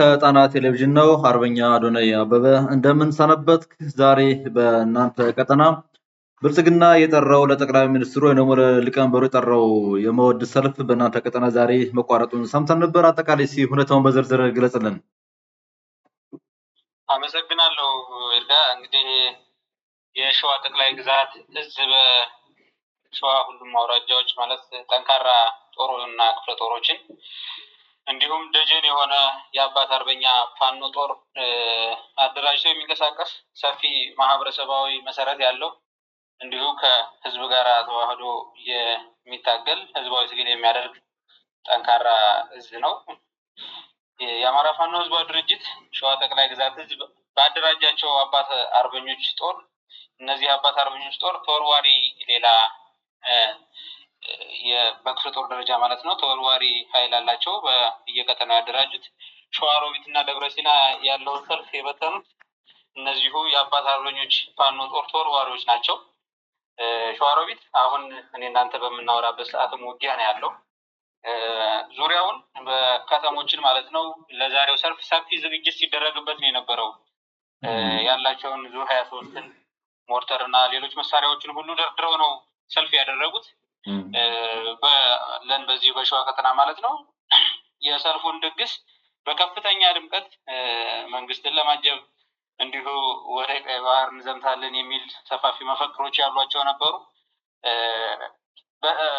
ከጣና ቴሌቪዥን ነው። አርበኛ አዶናይ አበበ እንደምን ሰነበትክ? ዛሬ በእናንተ ቀጠና ብልጽግና የጠራው ለጠቅላይ ሚኒስትሩ ወይም ደግሞ ለሊቀመንበሩ የጠራው የመወድ ሰልፍ በእናንተ ቀጠና ዛሬ መቋረጡን ሰምተን ነበር። አጠቃላይ ሲ ሁኔታውን በዝርዝር ግለጽልን። አመሰግናለሁ ይርጋ። እንግዲህ የሸዋ ጠቅላይ ግዛት እዝ በሸዋ ሁሉም አውራጃዎች ማለት ጠንካራ ጦር እና ክፍለ ጦሮችን እንዲሁም ደጀን የሆነ የአባት አርበኛ ፋኖ ጦር አደራጅቶ የሚንቀሳቀስ ሰፊ ማህበረሰባዊ መሰረት ያለው እንዲሁ ከህዝብ ጋር ተዋህዶ የሚታገል ህዝባዊ ትግል የሚያደርግ ጠንካራ ህዝብ ነው። የአማራ ፋኖ ህዝባዊ ድርጅት ሸዋ ጠቅላይ ግዛት ህዝብ በአደራጃቸው አባት አርበኞች ጦር እነዚህ አባት አርበኞች ጦር ተወርዋሪ ሌላ በክፍለ ጦር ደረጃ ማለት ነው ተወርዋሪ ኃይል አላቸው። በየቀጠና ያደራጁት ሸዋሮቢት እና ደብረሲና ያለውን ሰልፍ የበተኑት እነዚሁ የአባት አርበኞች ፋኖ ጦር ተወርዋሪዎች ናቸው። ሸዋሮቢት አሁን እኔ እናንተ በምናወራበት ሰዓትም ውጊያ ነው ያለው። ዙሪያውን በከተሞችን ማለት ነው ለዛሬው ሰልፍ ሰፊ ዝግጅት ሲደረግበት ነው የነበረው። ያላቸውን ዙ ሀያ ሶስትን ሞርተር እና ሌሎች መሳሪያዎችን ሁሉ ደርድረው ነው ሰልፍ ያደረጉት። ለን በዚህ በሸዋ ከተና ማለት ነው የሰልፉን ድግስ በከፍተኛ ድምቀት መንግስትን ለማጀብ እንዲሁ ወደ ቀይ ባህር እንዘምታለን የሚል ሰፋፊ መፈክሮች ያሏቸው ነበሩ።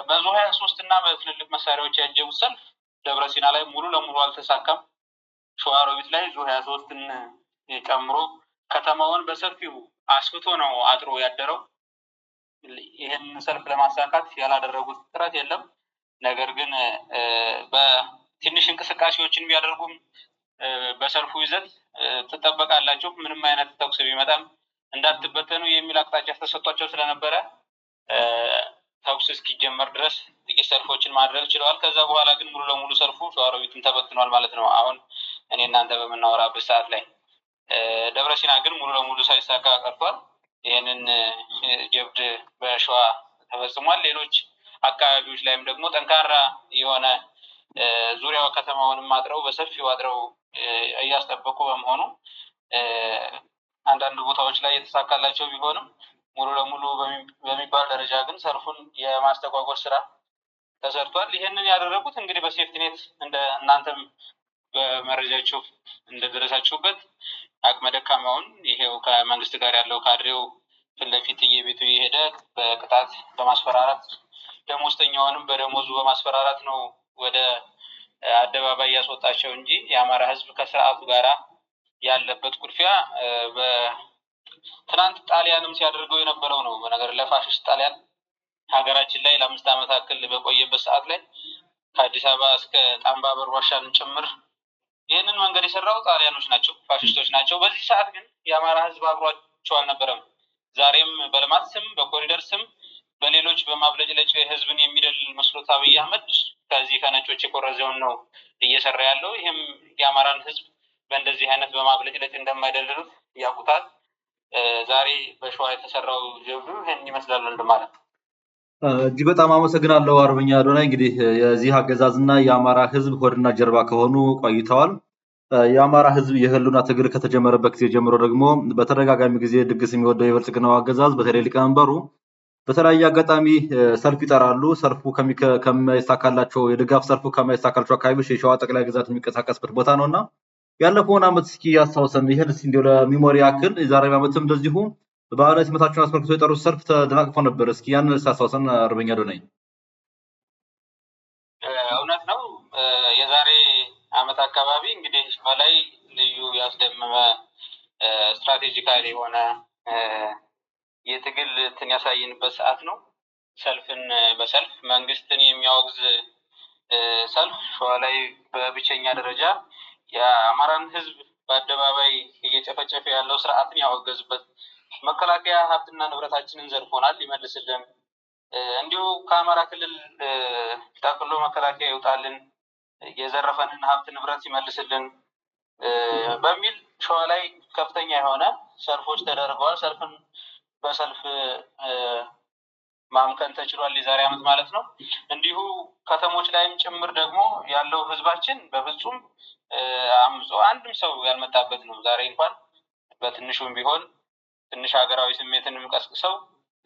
በዙ ሀያ ሶስት እና በትልልቅ መሳሪያዎች ያጀቡት ሰልፍ ደብረ ሲና ላይ ሙሉ ለሙሉ አልተሳካም። ሸዋሮቢት ላይ ዙ ሀያ ሶስትን ጨምሮ ከተማውን በሰፊው አስፍቶ ነው አጥሮ ያደረው። ይህን ሰልፍ ለማሳካት ያላደረጉት ጥረት የለም። ነገር ግን በትንሽ እንቅስቃሴዎችን ቢያደርጉም በሰልፉ ይዘት ትጠበቃላችሁ፣ ምንም አይነት ተኩስ ቢመጣም እንዳትበተኑ የሚል አቅጣጫ ተሰጧቸው ስለነበረ ተኩስ እስኪጀመር ድረስ ጥቂት ሰልፎችን ማድረግ ችለዋል። ከዛ በኋላ ግን ሙሉ ለሙሉ ሰልፉ ሸዋሮቢትን ተበትኗል ማለት ነው። አሁን እኔ እናንተ በምናወራበት ሰዓት ላይ ደብረሲና ግን ሙሉ ለሙሉ ሳይሳካ ቀርቷል። ይህንን ጀብድ በሸዋ ተፈጽሟል። ሌሎች አካባቢዎች ላይም ደግሞ ጠንካራ የሆነ ዙሪያው ከተማውንም አጥረው በሰፊው አጥረው እያስጠበቁ በመሆኑ አንዳንድ ቦታዎች ላይ የተሳካላቸው ቢሆንም ሙሉ ለሙሉ በሚባል ደረጃ ግን ሰልፉን የማስተጓጎል ስራ ተሰርቷል። ይህንን ያደረጉት እንግዲህ በሴፍቲኔት እንደ እናንተም በመረጃችሁ እንደደረሳችሁበት አቅመ ደካማውን ይሄው ከመንግስት ጋር ያለው ካድሬው ፊት ለፊት እየቤቱ እየሄደ በቅጣት በማስፈራራት ደሞዝተኛውንም በደሞዙ በማስፈራራት ነው ወደ አደባባይ ያስወጣቸው እንጂ የአማራ ህዝብ ከስርዓቱ ጋራ ያለበት ቁድፊያ ትናንት ጣሊያንም ሲያደርገው የነበረው ነው። በነገር ለፋሽስት ጣሊያን ሀገራችን ላይ ለአምስት ዓመት አክል በቆየበት ሰዓት ላይ ከአዲስ አበባ እስከ ጣምባበር ዋሻን ጭምር ይህንን መንገድ የሰራው ጣሊያኖች ናቸው፣ ፋሽስቶች ናቸው። በዚህ ሰዓት ግን የአማራ ህዝብ አብሯቸው አልነበረም። ዛሬም በልማት ስም፣ በኮሪደር ስም፣ በሌሎች በማብለጭለጭ ህዝብን የሚደል መስሎት አብይ አህመድ ከዚህ ከነጮች የቆረዘውን ነው እየሰራ ያለው። ይህም የአማራን ህዝብ በእንደዚህ አይነት በማብለጭለጭ እንደማይደልሉት ያውቁታል። ዛሬ በሸዋ የተሰራው ጀብዱ ይህን ይመስላል ማለት ነው። እጅግ በጣም አመሰግናለሁ አርበኛ አዶናይ። እንግዲህ የዚህ አገዛዝ እና የአማራ ህዝብ ሆድና ጀርባ ከሆኑ ቆይተዋል። የአማራ ህዝብ የህልውና ትግል ከተጀመረበት ጊዜ ጀምሮ ደግሞ በተደጋጋሚ ጊዜ ድግስ የሚወደው የብልጽግናው አገዛዝ በተለይ ሊቀመንበሩ በተለያየ አጋጣሚ ሰልፍ ይጠራሉ። ሰልፉ ከማይሳካላቸው የድጋፍ ሰልፉ ከማይሳካላቸው አካባቢዎች የሸዋ ጠቅላይ ግዛት የሚንቀሳቀስበት ቦታ ነው እና ያለፈውን አመት እስኪ ያስታውሰን። ይህን እስኪ እንዲያው ለሚሞሪ ያክል የዛሬ አመትም እንደዚሁ በባህላዊ ትምህርታቸውን አስመልክቶ የጠሩት ሰልፍ ተደናቅፎ ነበር። እስኪ ያንን ሳስታውሰን አርበኛ ዶናይ። እውነት ነው። የዛሬ አመት አካባቢ እንግዲህ በላይ ልዩ ያስደመመ ስትራቴጂካል የሆነ የትግል እንትን ያሳየንበት ሰዓት ነው። ሰልፍን በሰልፍ መንግስትን የሚያወግዝ ሰልፍ ሸዋ ላይ በብቸኛ ደረጃ የአማራን ህዝብ በአደባባይ እየጨፈጨፈ ያለው ስርዓትን ያወገዝበት መከላከያ ሀብትና ንብረታችንን ዘርፎናል፣ ይመልስልን። እንዲሁ ከአማራ ክልል ጠቅሎ መከላከያ ይውጣልን፣ የዘረፈንን ሀብት ንብረት ይመልስልን በሚል ሸዋ ላይ ከፍተኛ የሆነ ሰልፎች ተደርገዋል። ሰልፍን በሰልፍ ማምከን ተችሏል፣ የዛሬ ዓመት ማለት ነው። እንዲሁ ከተሞች ላይም ጭምር ደግሞ ያለው ህዝባችን በፍጹም አምጾ አንድም ሰው ያልመጣበት ነው። ዛሬ እንኳን በትንሹም ቢሆን ትንሽ ሀገራዊ ስሜትንም ቀስቅሰው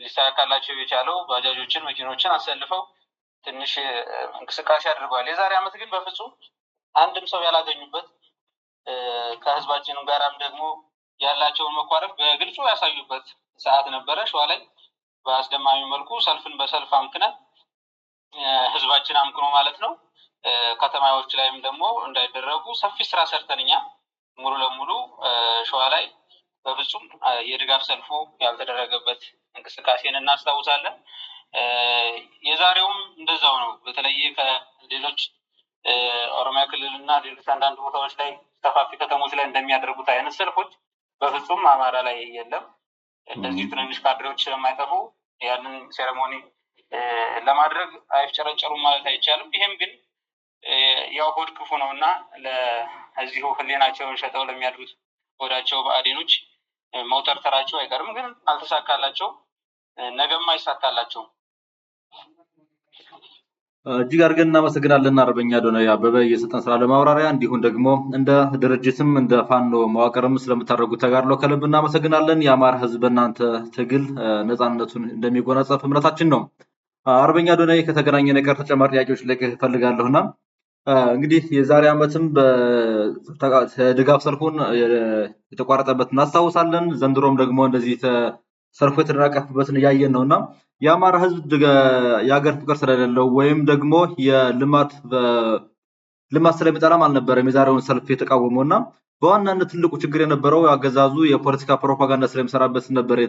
ሊሳካላቸው የቻለው ባጃጆችን፣ መኪኖችን አሰልፈው ትንሽ እንቅስቃሴ አድርገዋል። የዛሬ ዓመት ግን በፍጹም አንድም ሰው ያላገኙበት ከህዝባችን ጋራም ደግሞ ያላቸውን መኳረፍ በግልጹ ያሳዩበት ሰዓት ነበረ። ሸዋ ላይ በአስደማሚ መልኩ ሰልፍን በሰልፍ አምክነን ህዝባችን አምክኖ ማለት ነው። ከተማዎች ላይም ደግሞ እንዳይደረጉ ሰፊ ስራ ሰርተን እኛ ሙሉ ለሙሉ ሸዋ ላይ በፍጹም የድጋፍ ሰልፉ ያልተደረገበት እንቅስቃሴን እናስታውሳለን። የዛሬውም እንደዛው ነው። በተለየ ከሌሎች ኦሮሚያ ክልል እና ሌሎች አንዳንድ ቦታዎች ላይ ሰፋፊ ከተሞች ላይ እንደሚያደርጉት አይነት ሰልፎች በፍጹም አማራ ላይ የለም። እንደዚህ ትንንሽ ካድሬዎች ስለማይጠፉ ያንን ሴሬሞኒ ለማድረግ አይፍጨረጨሩም ማለት አይቻልም። ይሄም ግን ያው ሆድ ክፉ ነው እና ለዚሁ ህሊናቸውን ሸጠው ለሚያድሩት ወዳቸው በአዴኖች መውጠርተራቸው አይቀርም፣ ግን አልተሳካላቸው፣ ነገም አይሳካላቸውም። እጅግ አድርገን እናመሰግናለን አርበኛ ዶነ አበበ የሰጠን ስራ ለማብራሪያ እንዲሁም ደግሞ እንደ ድርጅትም እንደ ፋኖ መዋቅርም ስለምታደርጉት ተጋድሎ ከልብ እናመሰግናለን። የአማራ ህዝብ በእናንተ ትግል ነፃነቱን እንደሚጎናጸፍ እምነታችን ነው። አርበኛ ዶነ ከተገናኘ ነገር ተጨማሪ ጥያቄዎች ላይ ፈልጋለሁና እንግዲህ የዛሬ ዓመትም ድጋፍ ሰልፉን የተቋረጠበት እናስታውሳለን። ዘንድሮም ደግሞ እንደዚህ ሰልፉ የተደናቀፈበትን እያየን ነው እና የአማራ ሕዝብ የሀገር ፍቅር ስለሌለው ወይም ደግሞ የልማት ልማት ስለሚጠላም አልነበረም የዛሬውን ሰልፍ የተቃወመው እና በዋናነት ትልቁ ችግር የነበረው አገዛዙ የፖለቲካ ፕሮፓጋንዳ ስለሚሰራበት ነበር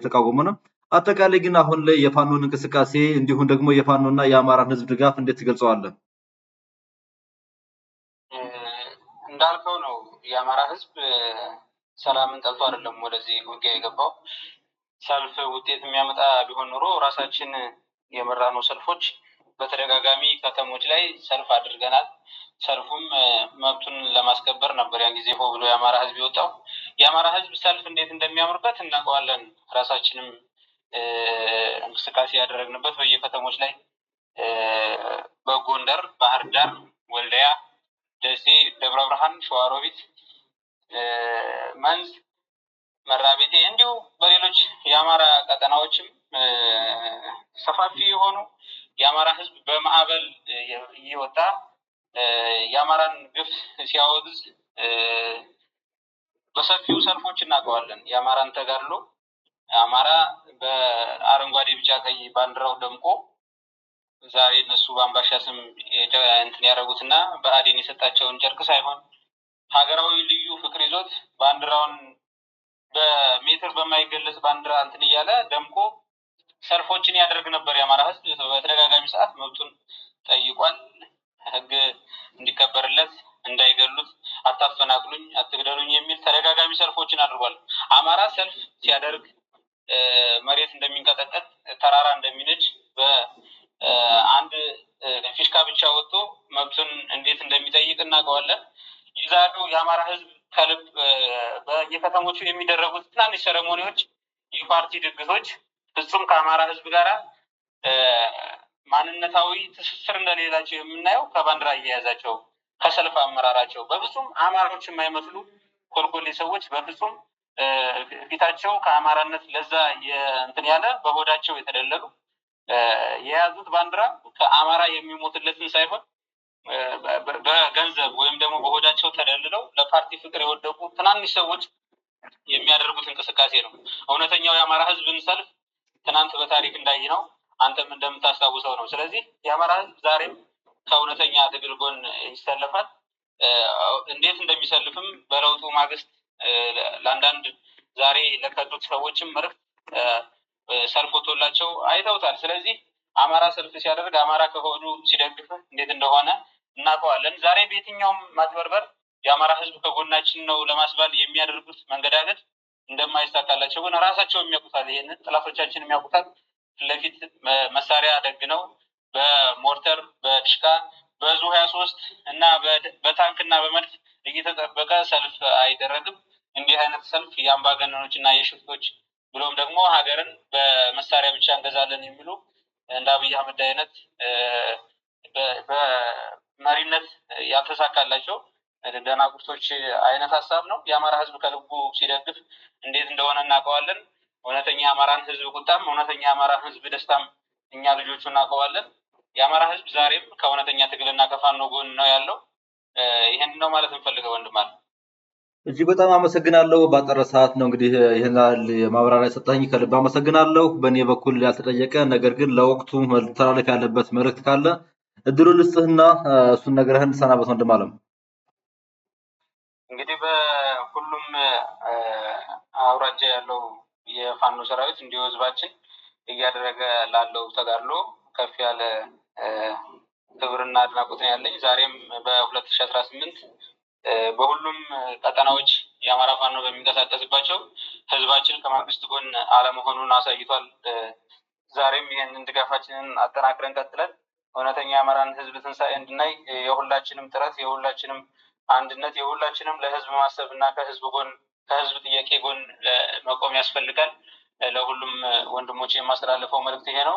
ነው። አጠቃላይ ግን አሁን ላይ የፋኖን እንቅስቃሴ እንዲሁም ደግሞ የፋኖና የአማራን ሕዝብ ድጋፍ እንዴት ትገልጸዋለን? እንዳልከው ነው። የአማራ ህዝብ ሰላምን ጠልቶ አይደለም ወደዚህ ውጊያ የገባው። ሰልፍ ውጤት የሚያመጣ ቢሆን ኑሮ ራሳችን የመራነው ሰልፎች በተደጋጋሚ ከተሞች ላይ ሰልፍ አድርገናል። ሰልፉም መብቱን ለማስከበር ነበር። ያን ጊዜ ሆ ብሎ የአማራ ህዝብ የወጣው የአማራ ህዝብ ሰልፍ እንዴት እንደሚያምርበት እናውቀዋለን። ራሳችንም እንቅስቃሴ ያደረግንበት በየከተሞች ላይ በጎንደር፣ ባህር ዳር፣ ወልደያ። ደሴ፣ ደብረ ብርሃን፣ ሸዋሮቢት፣ መንዝ፣ መራቤቴ እንዲሁ በሌሎች የአማራ ቀጠናዎችም ሰፋፊ የሆኑ የአማራ ህዝብ በማዕበል እየወጣ የአማራን ግፍ ሲያወግዝ በሰፊው ሰልፎች እናውቀዋለን። የአማራን ተጋድሎ አማራ በአረንጓዴ ቢጫ፣ ቀይ ባንዲራው ደምቆ ዛሬ እነሱ በአምባሻ ስም እንትን ያደረጉት እና በአዴን የሰጣቸውን ጨርቅ ሳይሆን ሀገራዊ ልዩ ፍቅር ይዞት ባንዲራውን በሜትር በማይገለጽ ባንዲራ እንትን እያለ ደምቆ ሰልፎችን ያደርግ ነበር። የአማራ ህዝብ በተደጋጋሚ ሰዓት መብቱን ጠይቋል። ህግ እንዲከበርለት፣ እንዳይገሉት፣ አታፈናቅሉኝ፣ አትግደሉኝ የሚል ተደጋጋሚ ሰልፎችን አድርጓል። አማራ ሰልፍ ሲያደርግ መሬት እንደሚንቀጠቀጥ፣ ተራራ እንደሚነድ የአማራ ህዝብ ከልብ በየከተሞቹ የሚደረጉት ትናንሽ ሰረሞኒዎች፣ የፓርቲ ድግሶች ፍጹም ከአማራ ህዝብ ጋር ማንነታዊ ትስስር እንደሌላቸው የምናየው ከባንዲራ እየያዛቸው ከሰልፍ አመራራቸው በፍጹም አማራዎች የማይመስሉ ኮልኮሌ ሰዎች በፍጹም ፊታቸው ከአማራነት ለዛ እንትን ያለ በሆዳቸው የተደለሉ የያዙት ባንዲራ ከአማራ የሚሞትለትን ሳይሆን በገንዘብ ወይም ደግሞ በሆዳቸው ተደልለው ለፓርቲ ፍቅር የወደቁ ትናንሽ ሰዎች የሚያደርጉት እንቅስቃሴ ነው። እውነተኛው የአማራ ህዝብን ሰልፍ ትናንት በታሪክ ነው፣ አንተም እንደምታስታውሰው ነው። ስለዚህ የአማራ ህዝብ ዛሬም ከእውነተኛ ትግል ጎን ይሰለፋል። እንዴት እንደሚሰልፍም በለውጡ ማግስት ለአንዳንድ ዛሬ ለከዱት ሰዎችም እርፍ ሰልፍ አይተውታል። ስለዚህ አማራ ሰልፍ ሲያደርግ አማራ ከሆዱ ሲደግፍ እንዴት እንደሆነ እናውቀዋለን። ዛሬ በየትኛውም ማጭበርበር የአማራ ህዝብ ከጎናችን ነው ለማስባል የሚያደርጉት መንገዳገት እንደማይሳካላቸው ግን ራሳቸው የሚያውቁታል። ይህንን ጠላቶቻችንም የሚያውቁታል። ፊትለፊት መሳሪያ ደግ ነው በሞርተር በድሽቃ በዙ ሀያ ሶስት እና በታንክ እና በመድፍ እየተጠበቀ ሰልፍ አይደረግም። እንዲህ አይነት ሰልፍ የአምባገነኖች እና የሽፍቶች ብሎም ደግሞ ሀገርን በመሳሪያ ብቻ እንገዛለን የሚሉ እንደ አብይ አህመድ አይነት መሪነት ያልተሳካላቸው ደናቁርቶች አይነት ሀሳብ ነው። የአማራ ህዝብ ከልቡ ሲደግፍ እንዴት እንደሆነ እናውቀዋለን። እውነተኛ የአማራን ህዝብ ቁጣም እውነተኛ የአማራ ህዝብ ደስታም እኛ ልጆቹ እናውቀዋለን። የአማራ ህዝብ ዛሬም ከእውነተኛ ትግልና ከፋኖ ጎን ነው ያለው። ይህን ነው ማለት እንፈልገው ወንድም አለ። እጅግ በጣም አመሰግናለሁ። ባጠረ ሰዓት ነው እንግዲህ ይህን ማብራሪያ ሰጠኝ፣ ከልብ አመሰግናለሁ። በእኔ በኩል ያልተጠየቀ ነገር ግን ለወቅቱ ተላለፍ ያለበት መልእክት ካለ እድሉ ልስጥህና እሱን ነግረህን ሰናበት ወንድም አለም። እንግዲህ በሁሉም አውራጃ ያለው የፋኖ ሰራዊት እንዲሁ ህዝባችን እያደረገ ላለው ተጋድሎ ከፍ ያለ ክብርና አድናቆትን ያለኝ። ዛሬም በሁለት ሺ አስራ ስምንት በሁሉም ቀጠናዎች የአማራ ፋኖ በሚንቀሳቀስባቸው ህዝባችን ከመንግስት ጎን አለመሆኑን አሳይቷል። ዛሬም ይህንን ድጋፋችንን አጠናክረን ቀጥለን እውነተኛ የአማራን ህዝብ ትንሳኤ እንድናይ የሁላችንም ጥረት የሁላችንም አንድነት የሁላችንም ለህዝብ ማሰብ እና ከህዝብ ጎን ከህዝብ ጥያቄ ጎን መቆም ያስፈልጋል። ለሁሉም ወንድሞች የማስተላለፈው መልእክት ይሄ ነው።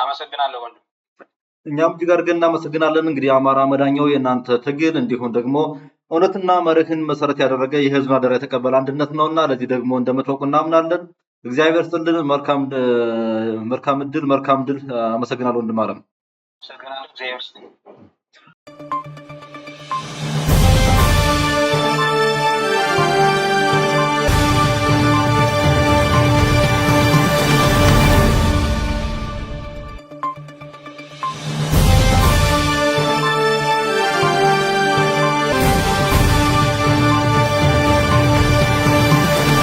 አመሰግናለሁ ወንድም። እኛም እጅግ አድርገን እናመሰግናለን። እንግዲህ አማራ መዳኛው የእናንተ ትግል እንዲሁም ደግሞ እውነትና መርህን መሰረት ያደረገ የህዝብ አደራ የተቀበለ አንድነት ነውና ለዚህ ደግሞ እንደምትወቁ እናምናለን። እግዚአብሔር ስጥልን። መልካም እድል፣ መልካም ድል። አመሰግናለሁ ወንድም አለም። So good afternoon.